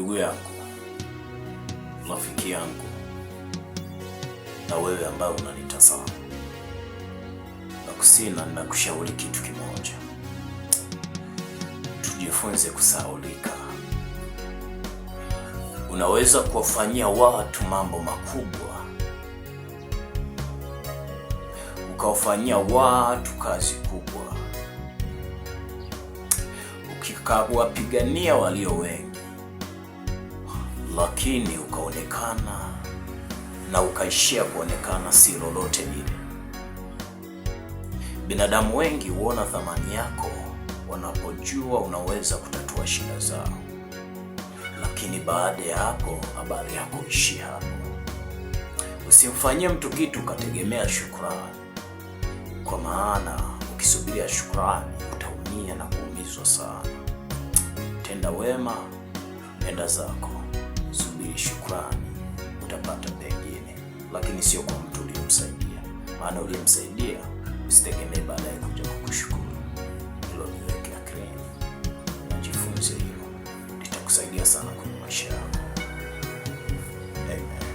ndugu yangu, rafiki yangu, na wewe ambaye unanitazama, nakusina na ninakushauri kitu kimoja, tujifunze kusahaulika. Unaweza kuwafanyia watu mambo makubwa, ukawafanyia watu kazi kubwa, ukikawapigania walio wengi lakini ukaonekana na ukaishia kuonekana si lolote lile. Binadamu wengi huona thamani yako wanapojua unaweza kutatua shida zao, lakini baada ya hapo habari yako ishia hapo. Usimfanyie mtu kitu ukategemea shukrani, kwa maana ukisubiria shukrani utaumia na kuumizwa sana. Tenda wema, nenda zako shukrani, utapata pengine, lakini sio kwa mtu uliyomsaidia, maana uliyemsaidia usitegemee baadaye kuja kukushukuru. Hilo niweke akilini, najifunze hilo, litakusaidia sana kwenye maisha yako.